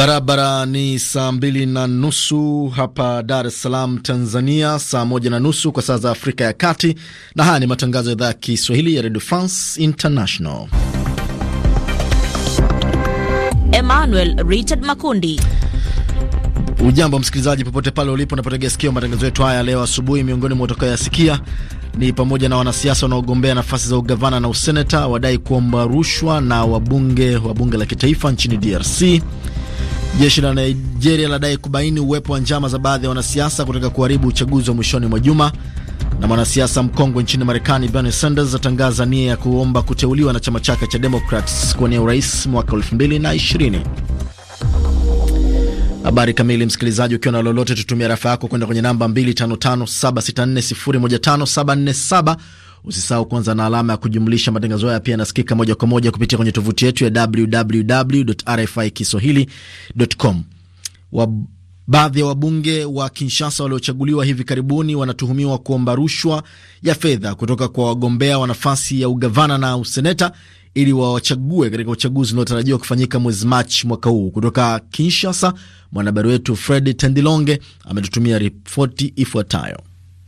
Barabara ni saa mbili na nusu hapa Dar es Salaam, Tanzania, saa moja na nusu kwa saa za Afrika ya Kati, na haya ni matangazo ya idhaa ya Kiswahili ya Redio France International. Emmanuel Richard Makundi. Ujambo msikilizaji, popote pale ulipo unapotega sikio matangazo yetu haya leo asubuhi. Miongoni mwa utakayoyasikia ni pamoja na wanasiasa wanaogombea nafasi za ugavana na useneta wadai kuomba rushwa na wabunge wa bunge la kitaifa nchini DRC. Jeshi la Nigeria ladai kubaini uwepo wa njama za baadhi ya wanasiasa kutaka kuharibu uchaguzi wa mwishoni mwa juma. Na mwanasiasa mkongwe nchini Marekani Bernie Sanders atangaza nia ya kuomba kuteuliwa na chama chake cha Democrats kuwania urais mwaka 2020. Habari kamili, msikilizaji, ukiwa na lolote, tutumia rafa yako kwenda kwenye namba 255764015747 Usisahau kwanza na alama ya kujumlisha. Matangazo haya pia yanasikika moja kwa moja kupitia kwenye tovuti yetu ya www.rfikiswahili.com. Baadhi ya wabunge wa Kinshasa waliochaguliwa hivi karibuni wanatuhumiwa kuomba rushwa ya fedha kutoka kwa wagombea wa nafasi ya ugavana na useneta ili wawachague katika uchaguzi unaotarajiwa kufanyika mwezi Machi mwaka huu. Kutoka Kinshasa, mwanahabari wetu Fred Tendilonge ametutumia ripoti ifuatayo.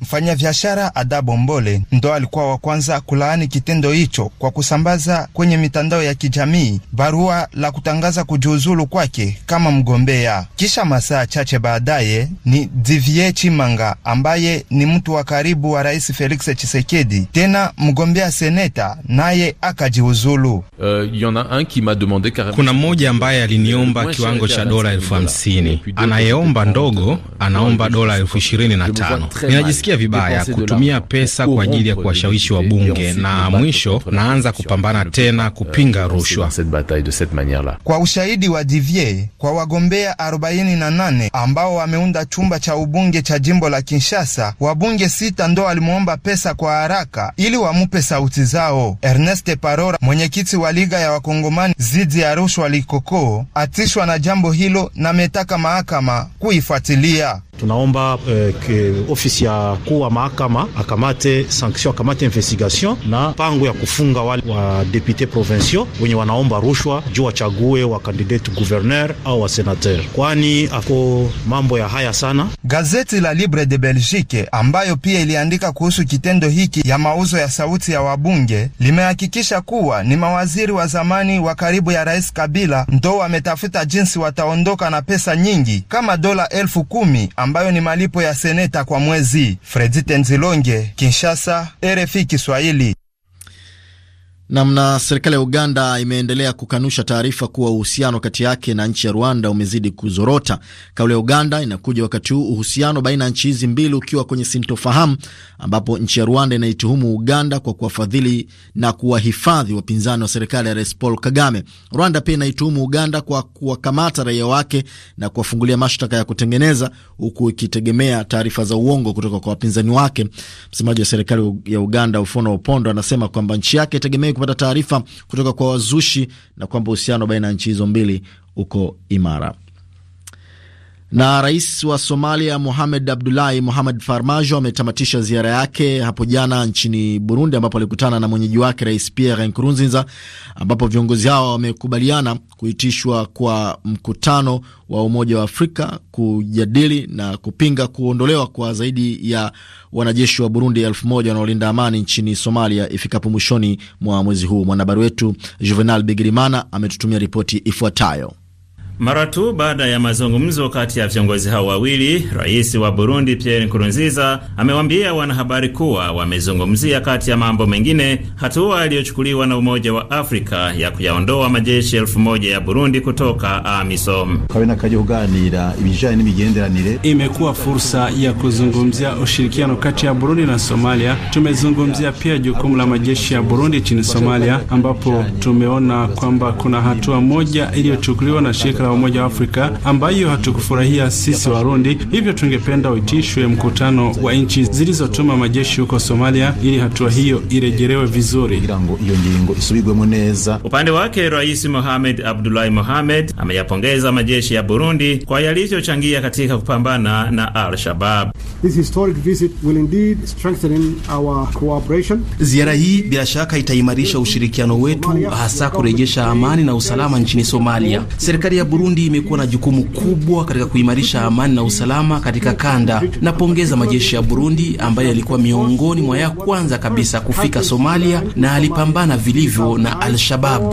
Mfanyabiashara Ada Bombole ndo alikuwa wa kwanza kulaani kitendo hicho kwa kusambaza kwenye mitandao ya kijamii barua la kutangaza kujiuzulu kwake kama mgombea. Kisha masaa chache baadaye ni Divie Chimanga ambaye ni mtu wa karibu wa Rais Felix chisekedi tena mgombea seneta, naye akajiuzulu. Euh, Kuna mmoja ambaye aliniomba kiwango cha dola elfu hamsini anayeomba ndogo anaomba dola elfu ishirini na tano ninajisikia najisikia vibaya kutumia pesa kwa ajili ya kuwashawishi wabunge, na mwisho naanza kupambana tena euh, kupinga rushwa. Kwa ushahidi wa Divier, kwa wagombea 48 ambao wameunda chumba cha ubunge cha jimbo la Kinshasa, wabunge sita ndo walimwomba pesa kwa haraka ili wamupe sauti zao. Ernest Parora, mwenyekiti wa liga ya wakongomani zidi ya rushwa Likoko, atishwa na jambo hilo na ametaka mahakama kuifuatilia tunaomba eh, ofisi ya kuu wa mahakama akamate sanction, akamate investigation na mpango ya kufunga wale wa depute provinciaux wenye wanaomba rushwa juu wachague wa kandidate gouverneur au wa senateur, kwani ako mambo ya haya sana. Gazeti la Libre de Belgique ambayo pia iliandika kuhusu kitendo hiki ya mauzo ya sauti ya wabunge limehakikisha kuwa ni mawaziri wa zamani wa karibu ya Rais Kabila ndo wametafuta jinsi wataondoka na pesa nyingi kama dola elfu kumi ambayo ni malipo ya seneta kwa mwezi. Fredi Tenzilonge, Kinshasa, RFI Kiswahili. Namna serikali ya Uganda imeendelea kukanusha taarifa kuwa uhusiano kati yake na nchi ya Rwanda umezidi kuzorota. Kauli ya Uganda inakuja wakati huu uhusiano baina ya nchi hizi mbili ukiwa kwenye sintofahamu, ambapo nchi ya Rwanda inaituhumu Uganda kwa kuwafadhili na kuwahifadhi wapinzani wa serikali ya Rais Paul Kagame. Rwanda pia inaituhumu Uganda kwa kuwakamata raia wake na kuwafungulia mashtaka ya kutengeneza, huku ikitegemea taarifa za uongo kutoka kwa wapinzani wake. Msemaji wa serikali ya Uganda Ofuono Opondo anasema kwamba nchi yake itegemea kupata taarifa kutoka kwa wazushi na kwamba uhusiano baina ya nchi hizo mbili uko imara. Na rais wa Somalia Mohamed Abdullahi Mohamed Farmajo ametamatisha ziara yake hapo jana nchini Burundi, ambapo alikutana na mwenyeji wake Rais Pierre Nkurunziza, ambapo viongozi hao wamekubaliana kuitishwa kwa mkutano wa Umoja wa Afrika kujadili na kupinga kuondolewa kwa zaidi ya wanajeshi wa Burundi elfu moja wanaolinda amani nchini Somalia ifikapo mwishoni mwa mwezi huu. Mwanahabari wetu Juvenal Bigirimana ametutumia ripoti ifuatayo. Mara tu baada ya mazungumzo kati ya viongozi hao wawili, rais wa Burundi Pierre Nkurunziza amewaambia wanahabari kuwa wamezungumzia kati ya mambo mengine hatua iliyochukuliwa na Umoja wa Afrika ya kuyaondoa majeshi elfu moja ya Burundi kutoka AMISOM. Imekuwa fursa ya kuzungumzia ushirikiano kati ya Burundi na Somalia. Tumezungumzia pia jukumu la majeshi ya Burundi nchini Somalia, ambapo tumeona kwamba kuna hatua moja iliyochukuliwa na shirika Umoja wa Afrika ambayo hatukufurahia sisi Warundi, hivyo tungependa uitishwe mkutano wa nchi zilizotuma majeshi huko Somalia ili hatua hiyo irejelewe vizuri. Upande wake Rais Mohamed Abdullahi Mohamed ameyapongeza majeshi ya Burundi kwa yalichochangia katika kupambana na Al-Shabab. Ziara hii bila shaka itaimarisha ushirikiano wetu, hasa kurejesha amani na usalama nchini Somalia. Serikali ya Burundi imekuwa na jukumu kubwa katika kuimarisha amani na usalama katika kanda. Napongeza majeshi ya Burundi ambayo yalikuwa miongoni mwa ya kwanza kabisa kufika Somalia na alipambana vilivyo na Al-Shabab.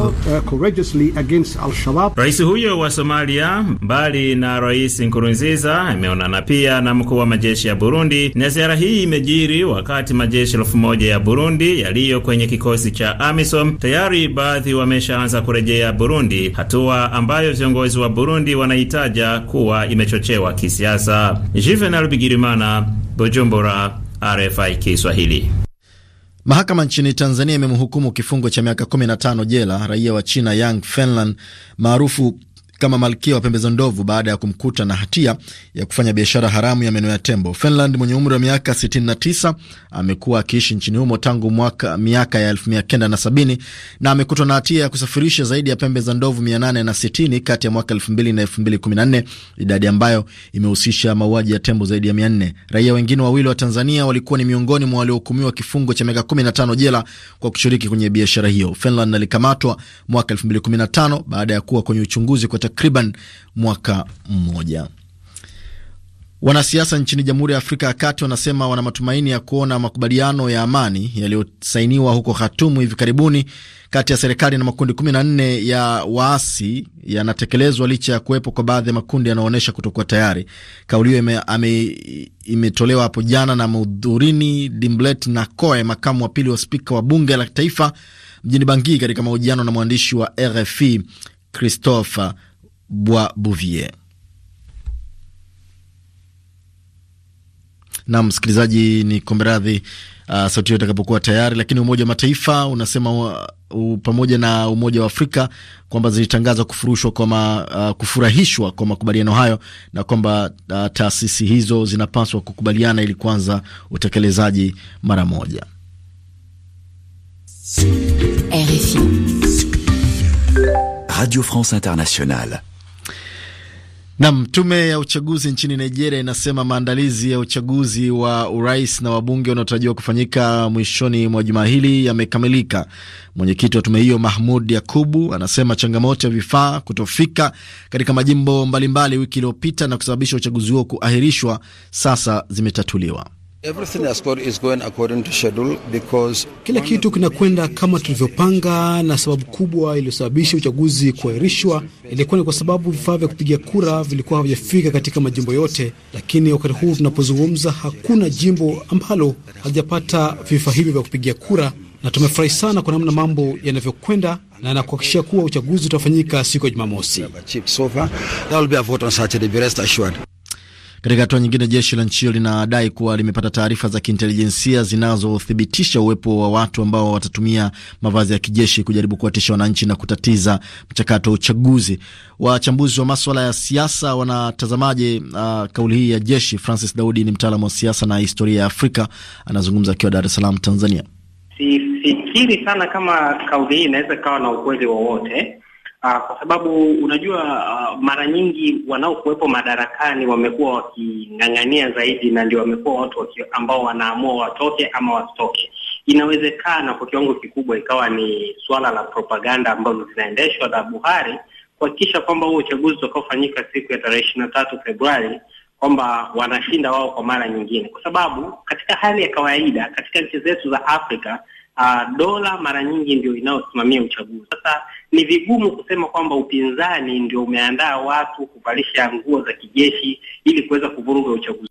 Rais huyo wa Somalia, mbali na Rais Nkurunziza, ameonana pia na mkuu wa majeshi ya Burundi, na ziara hii imejiri wakati majeshi elfu moja ya Burundi yaliyo kwenye kikosi cha AMISOM tayari baadhi wameshaanza kurejea Burundi, hatua ambayo viongozi viongozi wa Burundi wanaitaja kuwa imechochewa kisiasa. Juvenal Bigirimana, Bujumbura, RFI Kiswahili. Mahakama nchini Tanzania imemhukumu kifungo cha miaka 15 jela raia wa China Yang Fenlan maarufu kama malkia wa pembe za ndovu baada ya kumkuta na hatia ya kufanya biashara haramu ya meno ya tembo. Finland mwenye umri wa miaka 69 amekuwa akiishi nchini humo tangu mwaka miaka ya 1970 na amekutwa na hatia ya kusafirisha zaidi ya pembe za ndovu 860 kati ya mwaka 2000 na 2014, idadi ambayo imehusisha mauaji ya tembo zaidi ya 400. Raia wengine wawili wa Tanzania walikuwa ni miongoni mwa waliohukumiwa kifungo cha miaka 15 jela kwa kushiriki kwenye biashara hiyo. Finland alikamatwa mwaka 2015 baada ya kuwa kwenye uchunguzi kwa takriban mwaka mmoja. Wanasiasa nchini Jamhuri ya Afrika ya Kati wanasema wana matumaini ya kuona makubaliano ya amani yaliyosainiwa huko Khatumu hivi karibuni kati ya serikali na makundi 14 ya waasi yanatekelezwa licha ya kuwepo kwa baadhi ya makundi yanaoonyesha kutokuwa tayari. Kauli hiyo imetolewa hapo jana na Mudhurini Dimblet Nakoe, makamu wa pili wa spika wa bunge la taifa mjini Bangui, katika mahojiano na mwandishi wa RFI Christopher Bwa Bouvier. Na msikilizaji, ni kombe radhi, uh, sauti hiyo itakapokuwa tayari. Lakini Umoja wa Mataifa unasema uh, uh, pamoja na Umoja wa Afrika kwamba zilitangaza kufurushwa kwa ma, uh, kufurahishwa kwa makubaliano hayo na kwamba uh, taasisi hizo zinapaswa kukubaliana ili kuanza utekelezaji mara moja. RFI Radio France Internationale Nam, tume ya uchaguzi nchini Nigeria inasema maandalizi ya uchaguzi wa urais na wabunge unaotarajiwa kufanyika mwishoni mwa juma hili yamekamilika. Mwenyekiti wa tume hiyo Mahmud Yakubu anasema changamoto ya vifaa kutofika katika majimbo mbalimbali mbali wiki iliyopita na kusababisha uchaguzi huo kuahirishwa sasa zimetatuliwa. Kila kitu kinakwenda kama tulivyopanga, na sababu kubwa iliyosababisha uchaguzi kuahirishwa ilikuwa ni kwa sababu vifaa vya kupiga kura vilikuwa havijafika katika majimbo yote, lakini wakati huu tunapozungumza, hakuna jimbo ambalo halijapata vifaa hivyo vya kupigia kura, na tumefurahi sana kwa namna mambo yanavyokwenda na nakuhakikishia kuwa uchaguzi utafanyika siku ya Jumamosi. Katika hatua nyingine, jeshi la nchi hiyo linadai kuwa limepata taarifa za kiintelijensia zinazothibitisha uwepo wa watu ambao watatumia mavazi ya kijeshi kujaribu kuwatisha wananchi na kutatiza mchakato wa uchaguzi. Wachambuzi wa maswala ya siasa wanatazamaje uh, kauli hii ya jeshi? Francis Daudi ni mtaalamu wa siasa na historia ya Afrika, anazungumza akiwa Dar es Salaam, Tanzania. Sifikiri sana kama kauli hii inaweza ikawa na ukweli wowote Uh, kwa sababu unajua uh, mara nyingi wanaokuwepo madarakani wamekuwa waking'ang'ania zaidi, na ndio wamekuwa watu waki, ambao wanaamua watoke ama wasitoke. Inawezekana kwa kiwango kikubwa ikawa ni suala la propaganda ambazo zinaendeshwa na Buhari kuhakikisha kwamba huo uchaguzi utakaofanyika siku ya tarehe ishirini na tatu Februari kwamba wanashinda wao kwa mara nyingine, kwa sababu katika hali ya kawaida katika nchi zetu za Afrika uh, dola mara nyingi ndio inayosimamia uchaguzi. Sasa ni vigumu kusema kwamba upinzani ndio umeandaa watu kuvalisha nguo za kijeshi ili kuweza kuvuruga uchaguzi.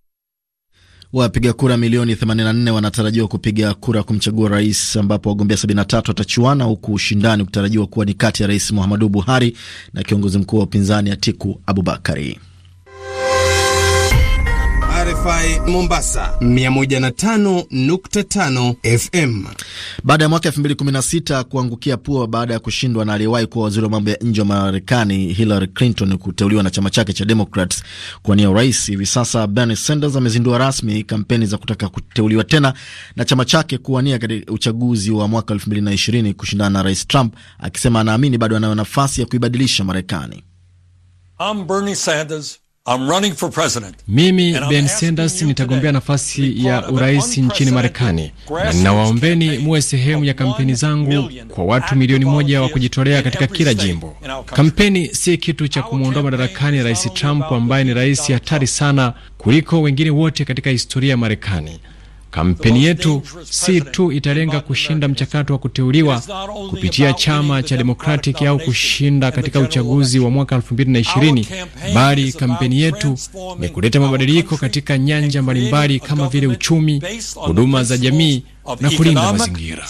Wapiga kura milioni 84 wanatarajiwa kupiga kura kumchagua rais, ambapo wagombea 73 watachuana, huku ushindani ukitarajiwa kuwa ni kati ya Rais Muhammadu Buhari na kiongozi mkuu wa upinzani Atiku Abubakari. RFI Mombasa 105.5 FM. Baada ya mwaka 2016 kuangukia pua baada ya kushindwa na aliyewahi kuwa waziri wa mambo ya nje wa Marekani Hillary Clinton kuteuliwa na chama chake cha Democrats kuwania urais, hivi sasa Bernie Sanders amezindua rasmi kampeni za kutaka kuteuliwa tena na chama chake kuwania katika uchaguzi wa mwaka 2020 kushindana na Rais Trump, akisema anaamini bado anayo nafasi ya kuibadilisha Marekani. I'm Bernie Sanders. I'm running for president. Mimi Ben Sanders nitagombea nafasi ya urais nchini Marekani, na ninawaombeni muwe sehemu ya kampeni zangu kwa watu milioni moja wa kujitolea katika kila jimbo. Kampeni si kitu cha kumwondoa madarakani Rais Trump ambaye ni rais hatari sana kuliko wengine wote katika historia ya Marekani. Kampeni yetu si tu italenga kushinda mchakato wa kuteuliwa kupitia chama cha Democratic au kushinda katika uchaguzi wa mwaka 2020, bali kampeni yetu ni kuleta mabadiliko katika nyanja mbalimbali kama vile uchumi, huduma za jamii na kulinda mazingira.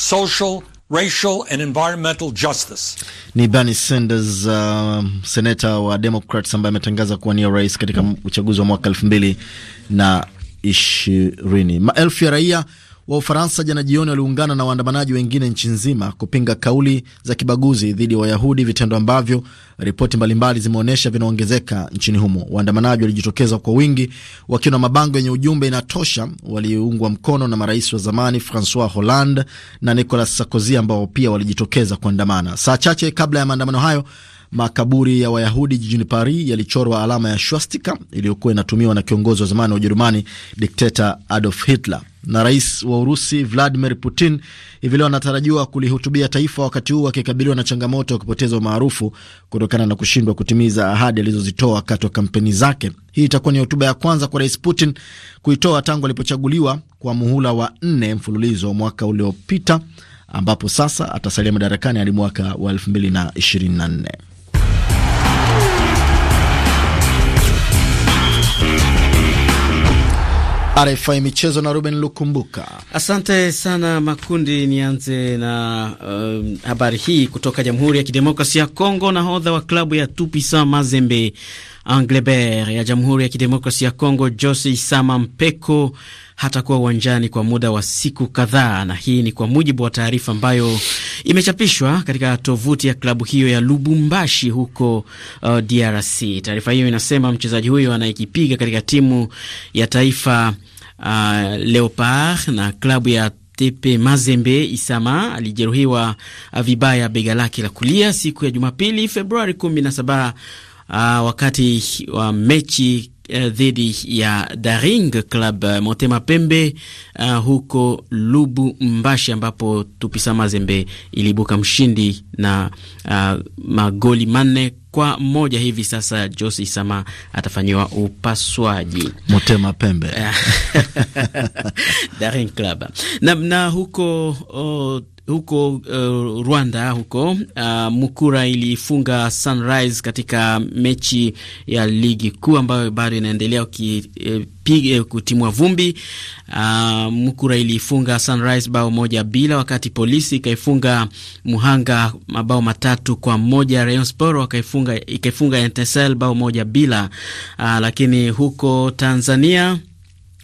Racial and environmental justice. Ni Bernie Sanders uh, seneta wa Democrats ambaye ametangaza kuwania urais katika uchaguzi wa mwaka elfu mbili na ishirini. Maelfu ya raia wa Ufaransa jana jioni waliungana na waandamanaji wengine nchi nzima kupinga kauli za kibaguzi dhidi ya Wayahudi, vitendo ambavyo ripoti mbalimbali zimeonyesha vinaongezeka nchini humo. Waandamanaji walijitokeza kwa wingi wakiwa na mabango yenye ujumbe inatosha, walioungwa mkono na marais wa zamani Francois Hollande na Nicolas Sarkozy ambao pia walijitokeza kuandamana. Saa chache kabla ya maandamano hayo Makaburi ya Wayahudi jijini Paris yalichorwa alama ya swastika iliyokuwa inatumiwa na kiongozi wa zamani wa Ujerumani dikteta Adolf Hitler. Na rais wa Urusi Vladimir Putin hivi leo anatarajiwa kulihutubia taifa, wakati huu akikabiliwa na changamoto ya kupoteza umaarufu kutokana na kushindwa kutimiza ahadi alizozitoa wakati wa kampeni zake. Hii itakuwa ni hotuba ya kwanza kwa rais Putin kuitoa tangu alipochaguliwa kwa muhula wa nne mfululizo mwaka uliopita, ambapo sasa atasalia madarakani hadi mwaka wa 224 RFI Michezo na Ruben Lukumbuka. Asante sana Makundi. Nianze na um, habari hii kutoka Jamhuri ya Kidemokrasi ya Kongo. Nahodha wa klabu ya Tupisa Mazembe Anglebert ya Jamhuri ya Kidemokrasi ya Kongo, Jose Isama Mpeko hatakuwa uwanjani kwa muda wa siku kadhaa, na hii ni kwa mujibu wa taarifa ambayo imechapishwa katika tovuti ya klabu hiyo ya Lubumbashi huko uh, DRC. Taarifa hiyo inasema mchezaji huyo anayekipiga katika timu ya taifa uh, Leopard na klabu ya TP Mazembe. Isama alijeruhiwa vibaya bega lake la kulia siku ya Jumapili Februari 17 uh, wakati wa mechi Eh, dhidi ya Daring Club eh, Motema Pembe uh, huko Lubu Mbashi, ambapo Tupisa Mazembe ilibuka mshindi na uh, magoli manne kwa moja. Hivi sasa Josi Sama atafanyiwa upasuaji Motema Pembe Daring Club na, na huko oh, huko uh, Rwanda huko uh, Mukura ilifunga Sunrise katika mechi ya ligi kuu ambayo bado inaendelea eh, kutimwa vumbi. Uh, Mukura ilifunga Sunrise bao moja bila, wakati polisi ikaifunga Muhanga mabao matatu kwa moja. Rayon Sport wakaifunga ikaifunga NTSL bao moja bila. Uh, lakini huko Tanzania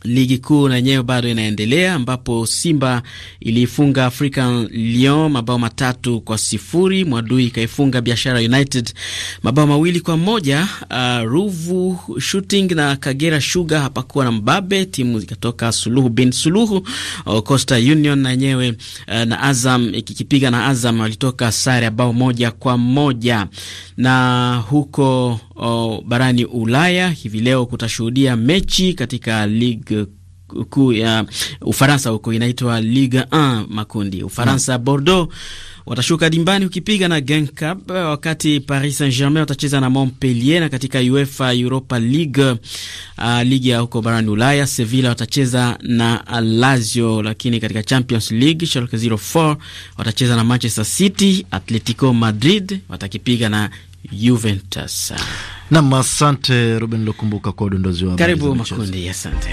Ligi kuu na yenyewe bado inaendelea ambapo Simba iliifunga African Lyon mabao matatu kwa sifuri. Mwadui ikaifunga Biashara United mabao mawili kwa moja. Uh, Ruvu Shooting na Kagera Sugar hapakuwa na mbabe, timu zikatoka suluhu bin suluhu. Uh, Costa Union na yenyewe uh, na Azam ikikipiga na Azam walitoka sare ya bao moja kwa moja na huko barani Ulaya hivi leo kutashuhudia mechi katika ligue kuu ya Ufaransa huko inaitwa Ligue 1 makundi. Ufaransa hmm. Bordeaux watashuka dimbani ukipiga na Genkab, wakati Paris Saint-Germain watacheza na Montpellier. Na katika UEFA Europa League uh, ligi ya huko barani Ulaya, Sevilla watacheza na Lazio, lakini katika Champions League Schalke 04 watacheza na Manchester City. Atletico Madrid watakipiga na Juventus. Nam, asante Ruben Lokumbuka kwa udondozi wa karibu makundi. Asante.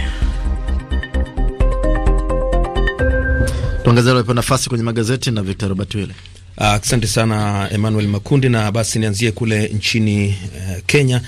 Tuangazia aliopewa nafasi kwenye magazeti na Victor Robert Wile. Asante uh, sana Emmanuel Makundi, na basi nianzie kule nchini uh, Kenya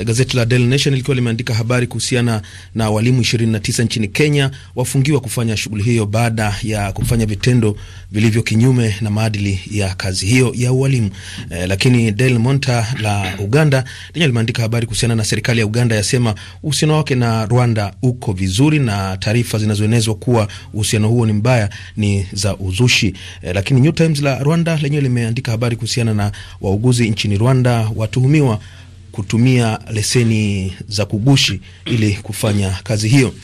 Eh, gazeti la Daily Nation likiwa limeandika habari kuhusiana na walimu 29 nchini Kenya wafungiwa kufanya shughuli hiyo baada ya kufanya vitendo vilivyo kinyume na maadili ya kazi hiyo ya ualimu. Eh, lakini Daily Monitor la Uganda lenye limeandika habari kuhusiana na serikali ya Uganda yasema uhusiano wake na Rwanda uko vizuri na taarifa zinazoenezwa kuwa uhusiano huo ni mbaya ni za uzushi. Eh, lakini New Times la Rwanda lenyewe limeandika habari kuhusiana na wauguzi nchini Rwanda watuhumiwa kutumia leseni za kugushi ili kufanya kazi hiyo.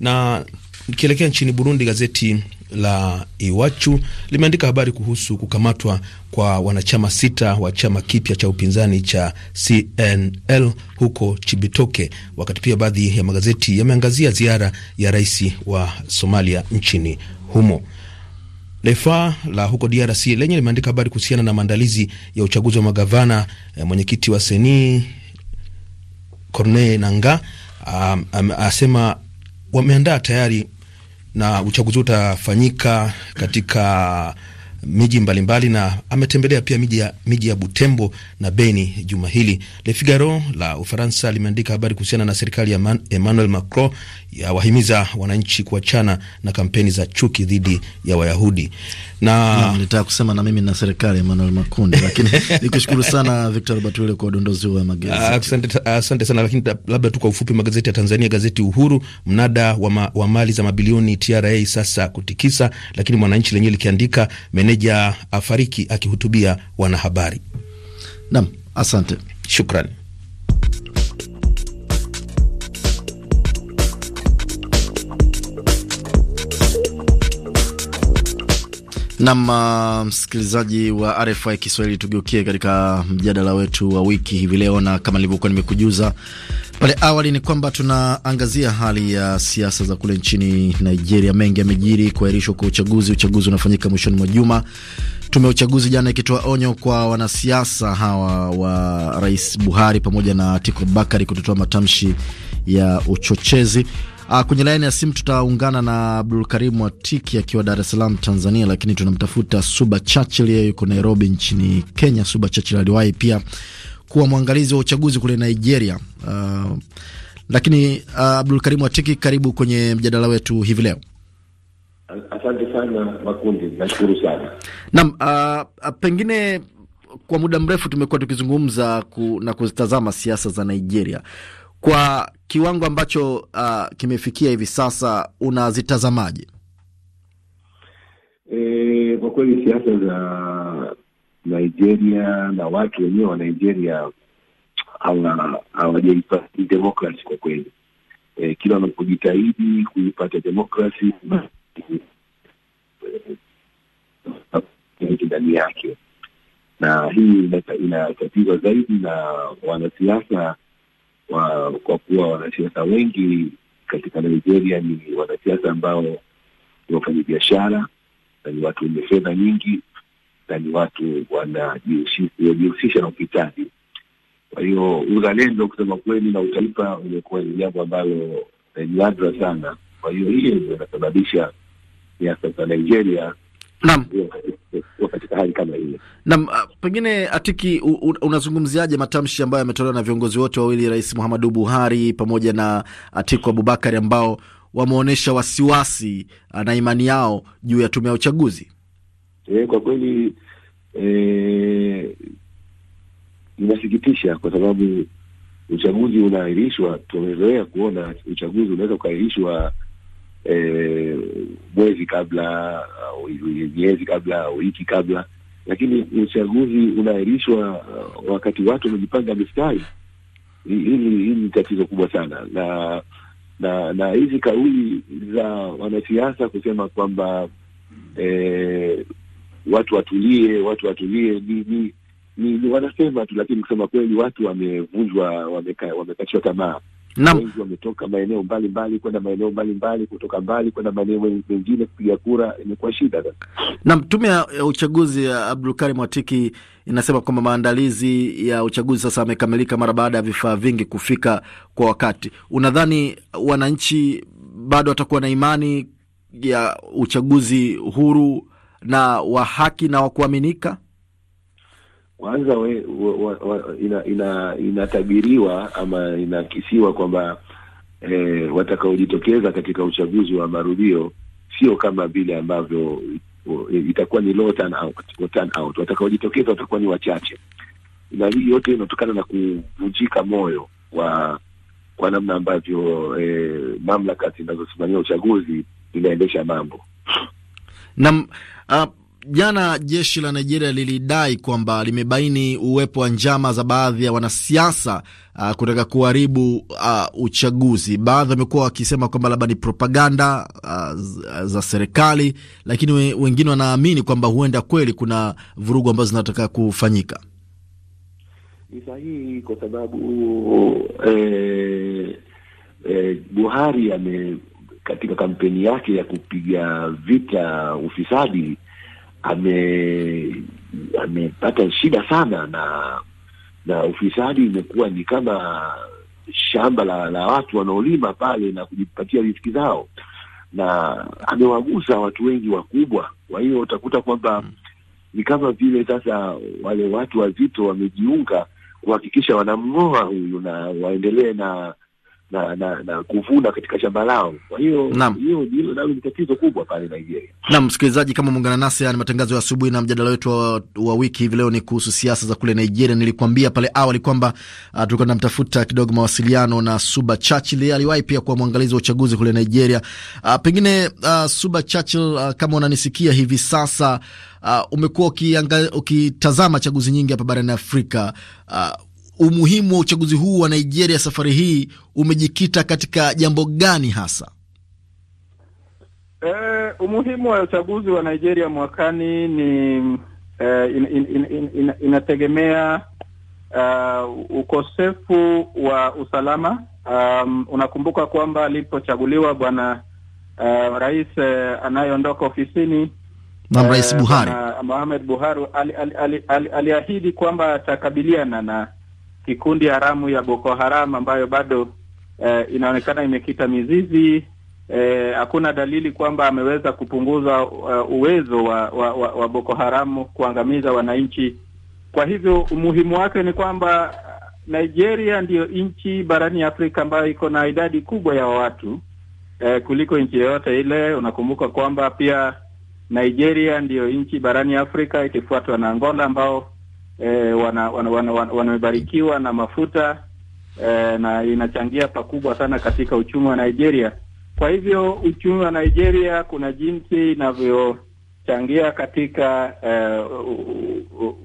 Na nikielekea nchini Burundi, gazeti la Iwachu limeandika habari kuhusu kukamatwa kwa wanachama sita wa chama kipya cha upinzani cha CNL huko Chibitoke, wakati pia baadhi ya magazeti yameangazia ziara ya rais wa Somalia nchini humo. Lefa la huko DRC lenye limeandika habari kuhusiana na maandalizi ya uchaguzi wa magavana. Eh, mwenyekiti wa Seni Corneille Nanga um, um, asema wameandaa tayari na uchaguzi utafanyika katika miji mbalimbali na ametembelea pia miji ya, miji ya Butembo na Beni juma hili. Le Figaro la Ufaransa limeandika habari kuhusiana na serikali ya Emmanuel Macron wahimiza wananchi kuachana na kampeni za chuki dhidi ya Wayahudi na nilitaka kusema na mimi na serikali Emmanuel Makundi, lakini nikushukuru sana Victor Batwile kwa udondozi wa magazeti. Ah, asante sana, lakini labda tu kwa ufupi magazeti ya Tanzania. Gazeti Uhuru, mnada wa, ma, wa mali za mabilioni TRA sasa kutikisa, lakini Mwananchi lenyewe likiandika meneja afariki akihutubia wanahabari. Naam, asante, shukrani. Nam msikilizaji wa RFI Kiswahili, tugeukie katika mjadala wetu wa wiki hivi leo, na kama nilivyokuwa nimekujuza pale awali ni kwamba tunaangazia hali ya siasa za kule nchini Nigeria. Mengi yamejiri, kuahirishwa kwa uchaguzi. Uchaguzi unafanyika mwishoni mwa juma, tume ya uchaguzi jana ikitoa onyo kwa wanasiasa hawa wa Rais Buhari pamoja na Atiku bakari kutotoa matamshi ya uchochezi. Uh, kwenye laini ya simu tutaungana na Abdul Karim Watiki akiwa Dar es Salaam Tanzania, lakini tunamtafuta Suba Churchill, yeye yuko Nairobi nchini Kenya. Suba Churchill aliwahi pia kuwa mwangalizi wa uchaguzi kule Nigeria. Uh, lakini uh, Abdul Karim Watiki, karibu kwenye mjadala wetu hivi leo. Asante sana Makundi, nashukuru sana nam Uh, pengine kwa muda mrefu tumekuwa tukizungumza ku, na kuzitazama siasa za Nigeria kwa kiwango ambacho uh, kimefikia hivi sasa unazitazamaje? E, kwa kweli siasa za Nigeria na watu wenyewe wa Nigeria hawajaipata demokrasi kwa kweli. E, kila wanapojitahidi kuipata demokrasi e, ndani yake, na hii inatatizwa zaidi na wanasiasa kwa, kwa kuwa wanasiasa wengi katika Nigeria ni wanasiasa ambao ni wafanyabiashara na ni watu wenye fedha nyingi na ni watu wanajihusisha na upitaji. Kwa hiyo uzalendo, kusema kweli, na utaifa umekuwa ni jambo ambalo ni nadra sana. Kwa hiyo hiyo ndio inasababisha siasa za Nigeria Naam, hali Naam, ah, pengine Atiki, unazungumziaje matamshi ambayo yametolewa na viongozi wote wawili, Rais Muhammadu Buhari pamoja na Atiku Abubakari ambao wameonyesha wasiwasi ah, na imani yao juu ya tume ya uchaguzi? E, kwa kweli e, inasikitisha kwa sababu uchaguzi unaahirishwa. Tumezoea kuona uchaguzi unaweza ukaahirishwa eh, mwezi kabla, uh, miezi kabla, wiki kabla, lakini uchaguzi unaahirishwa uh, wakati watu wamejipanga mistari. Hili ni tatizo kubwa sana, na na na hizi kauli za wanasiasa kusema kwamba eh, watu watulie, watu watulie ni, ni, ni, ni wanasema tu, lakini kusema kweli watu wamevunjwa, wamekatiwa tamaa wengi wametoka maeneo mbalimbali kwenda maeneo mbalimbali, kutoka mbali kwenda maeneo mengine kupiga kura, imekuwa shida sasa. Naam, tume ya uchaguzi ya Abdulkarim Watiki inasema kwamba maandalizi ya uchaguzi sasa yamekamilika mara baada ya vifaa vingi kufika kwa wakati. Unadhani wananchi bado watakuwa na imani ya uchaguzi huru na wa haki na wa kuaminika? kwanza we, wa, ina, ina, inatabiriwa ama inakisiwa kwamba e, watakaojitokeza katika uchaguzi wa marudio sio kama vile ambavyo eh, itakuwa ni low turn out, turn out. Watakaojitokeza watakuwa ni wachache, na hii yote inatokana na kuvunjika moyo wa kwa namna ambavyo e, mamlaka zinazosimamia uchaguzi zinaendesha mambo nam uh Jana jeshi la Nigeria lilidai kwamba limebaini uwepo wa njama za baadhi ya wanasiasa uh, kutaka kuharibu uh, uchaguzi. Baadhi wamekuwa wakisema kwamba labda ni propaganda uh, za serikali, lakini wengine wanaamini kwamba huenda kweli kuna vurugu ambazo zinataka kufanyika. Ni sahihi kwa sababu eh, eh, Buhari ame katika kampeni yake ya kupiga vita ufisadi ame amepata shida sana na na ufisadi imekuwa ni kama shamba la, la watu wanaolima pale na kujipatia riski zao, na amewagusa watu wengi wakubwa. Kwa hiyo utakuta kwamba mm, ni kama vile sasa wale watu wazito wamejiunga kuhakikisha wanamng'oa huyu na waendelee na na na, na kuvuna katika shamba lao. Kwa hiyo hiyo hilo nalo ni tatizo kubwa pale Nigeria. Naam, msikilizaji, kama muungana nasi, ni matangazo ya asubuhi na mjadala wetu wa, wa wiki hivi leo ni kuhusu siasa za kule Nigeria. Nilikuambia pale awali kwamba uh, tulikuwa tunamtafuta kidogo mawasiliano na Suba Churchill, aliwahi pia kuwa mwangalizi wa uchaguzi kule Nigeria. Uh, pengine uh, Suba Churchill, uh, kama unanisikia hivi sasa, uh, umekuwa ukitazama chaguzi nyingi hapa barani Afrika umuhimu wa uchaguzi huu wa Nigeria safari hii umejikita katika jambo gani hasa? Eh, umuhimu wa uchaguzi wa Nigeria mwakani ni eh, in, in, in, in, in, inategemea uh, ukosefu wa usalama. Um, unakumbuka kwamba alipochaguliwa bwana uh, rais uh, anayeondoka ofisini na Rais Buhari Mohamed Buhari aliahidi ali, ali, ali, ali kwamba atakabiliana na kikundi haramu ya Boko Haram ambayo bado eh, inaonekana imekita mizizi. Eh, hakuna eh, dalili kwamba ameweza kupunguza uh, uwezo wa, wa, wa, wa Boko Haramu kuangamiza wananchi. Kwa hivyo umuhimu wake ni kwamba eh, Nigeria ndiyo nchi barani Afrika ambayo iko na idadi kubwa ya watu eh, kuliko nchi yoyote ile. Unakumbuka kwamba pia Nigeria ndiyo nchi barani Afrika ikifuatwa na Angola ambao eh, wana, wana, wana, wana, wamebarikiwa na mafuta eh, na inachangia pakubwa sana katika uchumi wa Nigeria. Kwa hivyo uchumi wa Nigeria kuna jinsi inavyochangia katika stability eh, uh,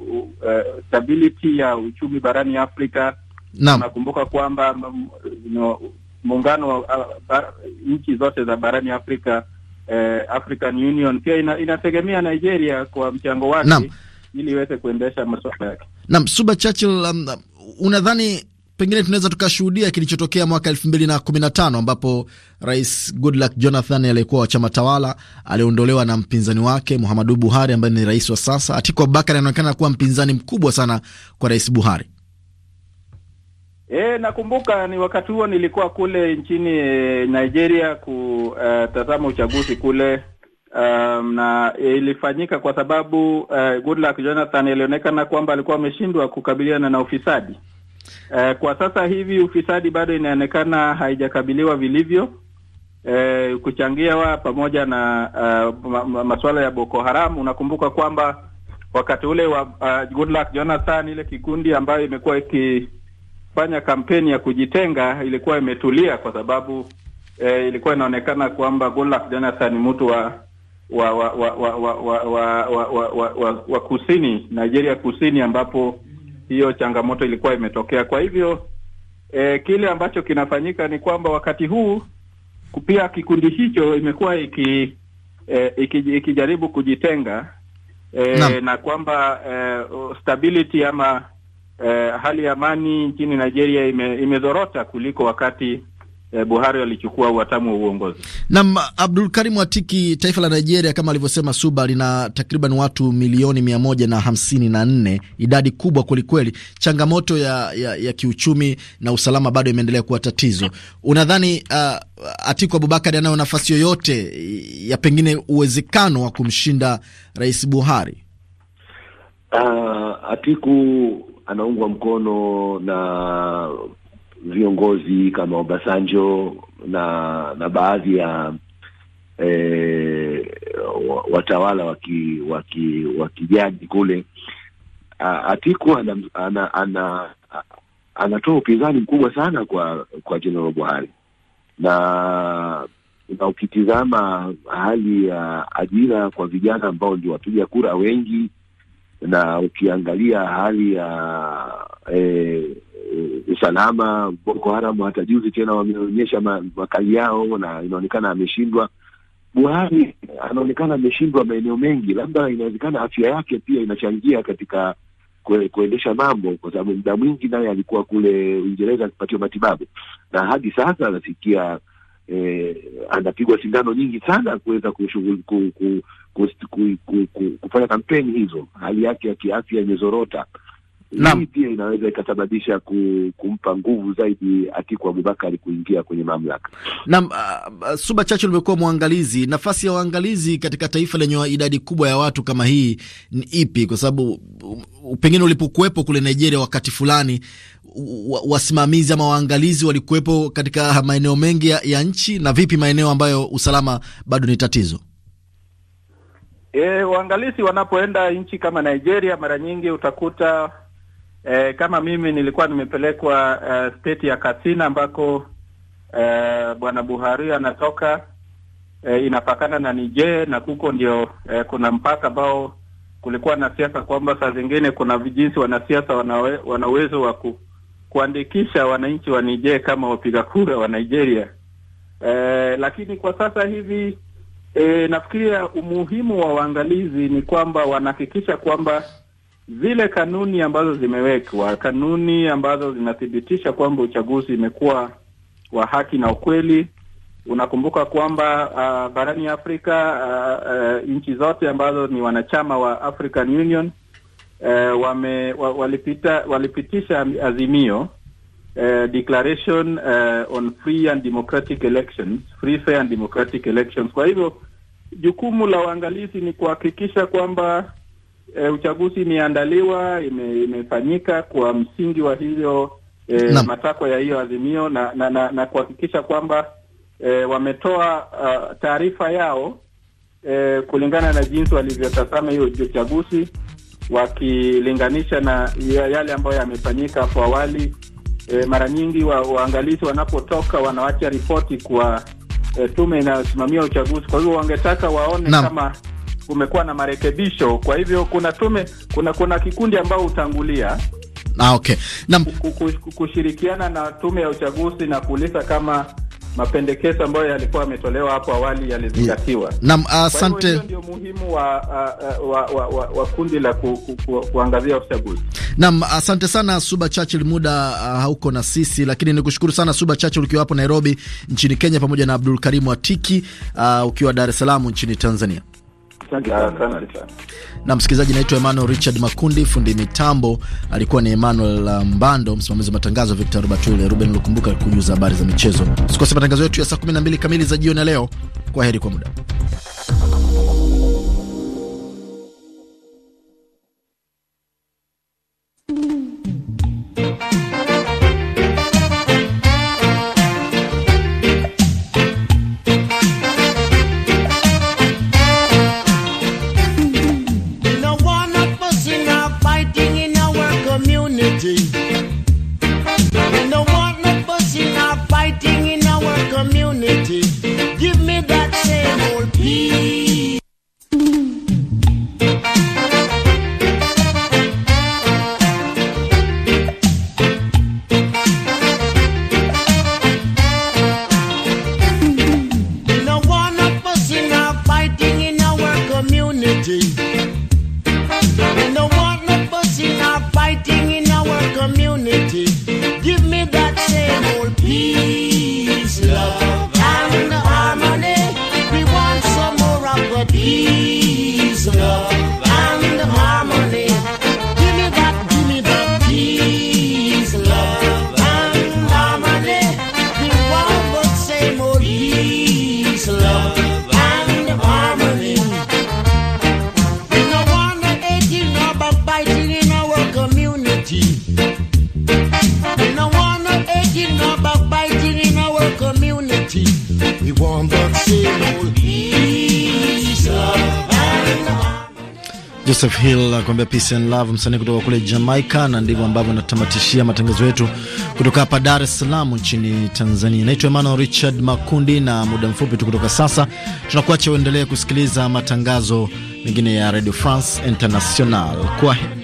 uh, stability ya uchumi barani Afrika. Nakumbuka kwamba muungano wa uh, nchi zote za barani Afrika e, African Union pia ina, inategemea Nigeria kwa mchango wake ili iweze kuendesha masuala yake. Naam, Suba Churchill, um, unadhani pengine tunaweza tukashuhudia kilichotokea mwaka elfu mbili na kumi na tano ambapo Rais Goodluck Jonathan aliyekuwa wa chama tawala aliondolewa na mpinzani wake Muhammadu Buhari ambaye ni rais wa sasa. Atiku Abubakar anaonekana kuwa mpinzani mkubwa sana kwa Rais Buhari. E, nakumbuka ni wakati huo nilikuwa kule nchini Nigeria kutazama uh, uchaguzi kule Um, na ilifanyika kwa sababu uh, Goodluck Jonathan ilionekana kwamba alikuwa ameshindwa kukabiliana na ufisadi. Uh, kwa sasa hivi ufisadi bado inaonekana haijakabiliwa vilivyo, uh, kuchangiwa pamoja na uh, ma ma masuala ya Boko Haram. Unakumbuka kwamba wakati ule wa uh, Goodluck Jonathan, ile kikundi ambayo imekuwa ikifanya kampeni ya kujitenga ilikuwa imetulia kwa sababu uh, ilikuwa inaonekana kwamba Goodluck Jonathan ni mtu wa wa wa wa wa wa wa wa wa wa wa wa kusini Nigeria kusini ambapo hiyo changamoto ilikuwa imetokea. Kwa hivyo e, kile ambacho kinafanyika ni kwamba wakati huu pia kikundi hicho imekuwa iki, e, iki, ikijaribu kujitenga e, na. na kwamba e, stability ama e, hali ya amani nchini Nigeria ime, imezorota kuliko wakati eh, Buhari alichukua watamu wa uongozi. Naam, Abdul Karim Watiki, taifa la Nigeria kama alivyosema Suba lina takriban watu milioni mia moja na hamsini na nne, idadi kubwa kwelikweli. Changamoto ya, ya, ya kiuchumi na usalama bado imeendelea kuwa tatizo. Unadhani uh, Atiku Abubakari anayo nafasi yoyote ya pengine uwezekano wa kumshinda Rais Buhari? Uh, Atiku anaungwa mkono na viongozi kama Obasanjo na na baadhi ya e, watawala wa kijadi waki, waki kule. Atiku anatoa ana, ana, anatoa upinzani mkubwa sana kwa kwa General Buhari na na ukitizama hali ya ajira kwa vijana ambao ndio wapiga kura wengi na ukiangalia hali ya e, usalama Boko Haram hata juzi tena wameonyesha makali yao, na inaonekana ameshindwa. Buhari anaonekana ameshindwa maeneo mengi, labda inawezekana afya yake pia inachangia katika kuendesha mambo, kwa sababu muda mwingi naye alikuwa kule Uingereza akipatiwa matibabu na hadi sasa anasikia eh, anapigwa sindano nyingi sana kuweza kufanya kampeni hizo. Hali yake ya kiafya imezorota. Hii pia inaweza ikasababisha kumpa nguvu zaidi Atiku Abubakari kuingia kwenye mamlaka. Naam. Uh, Suba chache umekuwa mwangalizi. Nafasi ya waangalizi katika taifa lenye idadi kubwa ya watu kama hii ni ipi? Kwa sababu pengine ulipokuwepo kule Nigeria wakati fulani wasimamizi ama waangalizi walikuwepo katika maeneo mengi ya, ya nchi na vipi maeneo ambayo usalama bado ni tatizo? E, waangalizi wanapoenda nchi kama Nigeria mara nyingi utakuta e, kama mimi nilikuwa nimepelekwa e, state ya Katsina ambako e, bwana Buhari anatoka e, inapakana na Niger na kuko ndio e, kuna mpaka ambao kulikuwa na siasa kwamba saa zingine kuna vijinsi wanasiasa wana uwezo wa ku kuandikisha wananchi wa Niger kama wapiga kura wa Nigeria. Eh, lakini kwa sasa hivi eh, nafikiria umuhimu wa waangalizi ni kwamba wanahakikisha kwamba zile kanuni ambazo zimewekwa, kanuni ambazo zinathibitisha kwamba uchaguzi imekuwa wa haki na ukweli. Unakumbuka kwamba uh, barani Afrika uh, uh, nchi zote ambazo ni wanachama wa African Union uh, wame, wa, walipita, walipitisha azimio uh, declaration uh, on free and democratic elections, free fair and democratic elections. Kwa hivyo jukumu la uangalizi ni kuhakikisha kwamba uh, uchaguzi imeandaliwa, ime, imefanyika kwa msingi wa hiyo uh, matakwa ya hiyo azimio na, na, na, na kuhakikisha kwamba E, wametoa uh, taarifa yao e, kulingana na jinsi walivyotazama hiyo uchaguzi wakilinganisha na yale ambayo yamefanyika hapo awali. E, mara nyingi wa, waangalizi wanapotoka wanawacha ripoti kwa e, tume inayosimamia uchaguzi. Kwa hivyo wangetaka waone Nam. kama kumekuwa na marekebisho. Kwa hivyo kuna tume, kuna kuna kikundi ambao hutangulia ah, okay. Nam. kushirikiana na tume ya uchaguzi na kuuliza kama mapendekezo ambayo yalikuwa yametolewa hapo awali yalizingatiwa. Naam, asante. ndio muhimu wa, wa, wa, wa, wa kundi la ku, ku, ku, kuangazia uchaguzi. Naam, asante sana Suba Churchill, muda hauko na sisi, lakini nikushukuru sana Suba Churchill ukiwa hapo Nairobi nchini Kenya, pamoja na Abdul Karimu Atiki uh, ukiwa Dar es Salaam nchini Tanzania na msikilizaji, naitwa Emmanuel Richard Makundi, fundi mitambo alikuwa ni Emmanuel Mbando, msimamizi wa matangazo Victor Batule, Ruben Lukumbuka kujuza habari za michezo. Usikose matangazo yetu ya saa 12 kamili za jioni ya leo. Kwa heri kwa muda. Joseph Hill akuambia peace and love, msanii kutoka kule Jamaica. Na ndivyo ambavyo anatamatishia matangazo yetu kutoka hapa Dar es Salaam nchini Tanzania. Naitwa Emmanuel Richard Makundi, na muda mfupi tu kutoka sasa tunakuacha uendelee kusikiliza matangazo mengine ya Radio France International. Kwa heri.